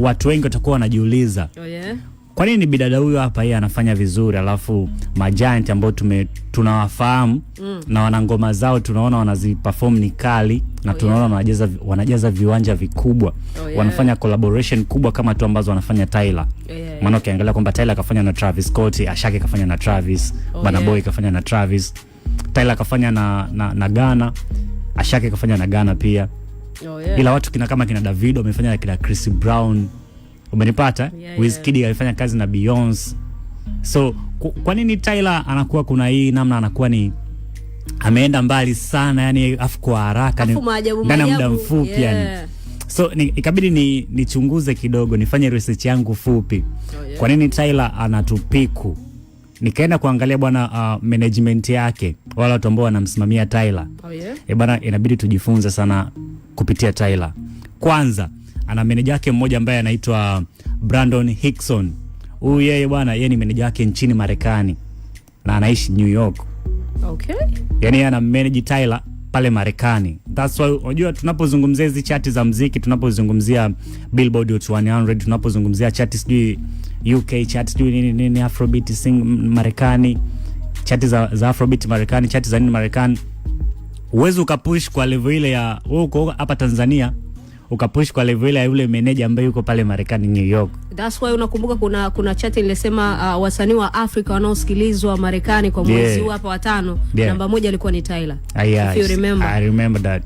watu wengi watakuwa wanajiuliza oh, yeah. Kwa nini bidada huyo hapa yeye anafanya vizuri, alafu majanti ambao tume tunawafahamu mm. na wana ngoma zao tunaona wanaziperform ni kali na oh, tunaona yeah. wanajaza wanajaza viwanja vikubwa oh, yeah. wanafanya collaboration kubwa kama tu ambazo wanafanya Tyler oh, yeah. maana ukiangalia kwamba Tyler kafanya na Travis Scott, Ashake kafanya na Travis oh, Bana yeah. Boy kafanya na Travis, Tyler kafanya na na, na Ghana, Ashake kafanya na Ghana pia oh, yeah. Ila watu kina kama kina David wamefanya na kina Chris Brown, umenipata? yeah, yeah. Wizkid alifanya kazi na Beyonce. So kwa nini Tyler anakuwa kuna hii namna anakuwa ni ameenda mbali sana yani, afu kwa haraka ndani ya muda mfupi yeah. yani so ni, ikabidi ni nichunguze kidogo nifanye research yangu fupi oh, yeah. kwa nini Tyler anatupiku? Nikaenda kuangalia bwana, uh, management yake wala watu ambao wanamsimamia Tyler oh, yeah. E eh, bana, inabidi tujifunze sana kupitia Tyler. Kwanza ana meneja yake mmoja ambaye anaitwa Brandon Hickson. Huyu yeye bwana, yeye ni meneja yake nchini Marekani na anaishi New York. Okay. Yaani ana manage Tyler pale Marekani. That's why unajua tunapozungumzia hizi chati za mziki, tunapozungumzia Billboard Hot 100, tunapozungumzia chati sijui UK chati sijui nini nini Afrobeat sing Marekani, chati za, za Afrobeat Marekani, chati za nini Marekani Uwezi ukapush kwa level ile ya huko hapa Tanzania ukapush kwa level ile ya yule meneja ambaye yuko pale Marekani New York. That's why unakumbuka kuna kuna chati nilisema, uh, wasanii wa Afrika wanaosikilizwa Marekani kwa mwezi huu hapa watano, namba moja alikuwa ni Tyler. Ah, If you remember. I remember that.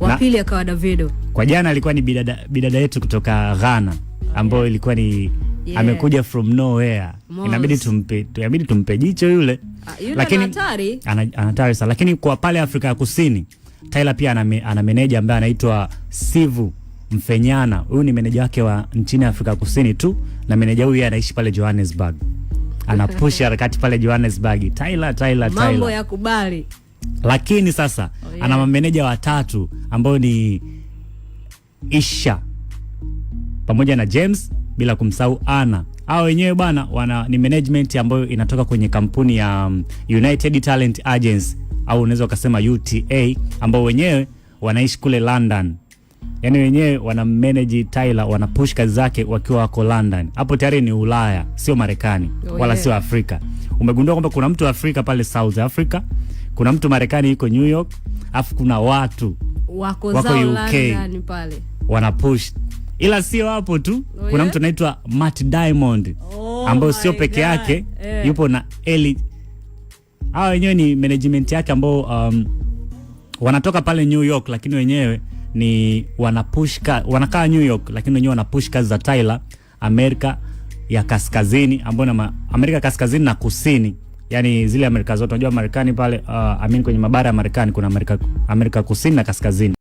Wa pili akawa Davido. Kwa jana alikuwa ni bidada bidada yetu kutoka Ghana ambayo ilikuwa ni yeah. Amekuja from nowhere. Inabidi tumpe, inabidi tumpe jicho yule Ah, lakini hatari sana lakini kwa pale Afrika ya Kusini Tyler pia ana, ana meneja ambaye anaitwa Sivu Mfenyana. Huyu ni meneja wake wa nchini Afrika Kusini tu, na meneja huyu anaishi pale Johannesburg, anapush harakati pale Johannesburg. Tyler, Tyler, mambo Tyler ya kubali, lakini sasa oh, yeah. ana mameneja watatu ambao ni Isha pamoja na James bila kumsahau Ana. Hao wenyewe bwana wana ni management ambayo inatoka kwenye kampuni ya um, United Talent Agency au unaweza ukasema UTA ambao wenyewe wanaishi kule London. Yaani wenyewe wana manage Tyler, wana push kazi zake wakiwa wako London. Hapo tayari ni Ulaya, sio Marekani oh, wala yeah. sio Afrika. Umegundua kwamba kuna mtu Afrika pale South Africa, kuna mtu Marekani yuko New York, afu kuna watu wako, wako UK pale. Wana push ila sio hapo tu oh, kuna mtu anaitwa Matt Diamond oh, ambayo sio peke yake yeah. Yupo na Eli, hawa wenyewe ni management yake ambao um, wanatoka pale New York, lakini wenyewe ni wanapushka wanakaa New York, lakini wenyewe wanapush kazi za Tyler Amerika ya kaskazini ambayo na Amerika kaskazini na kusini yani zile Amerika zote unajua Marekani pale uh, amini kwenye mabara ya Marekani kuna Amerika, Amerika kusini na kaskazini.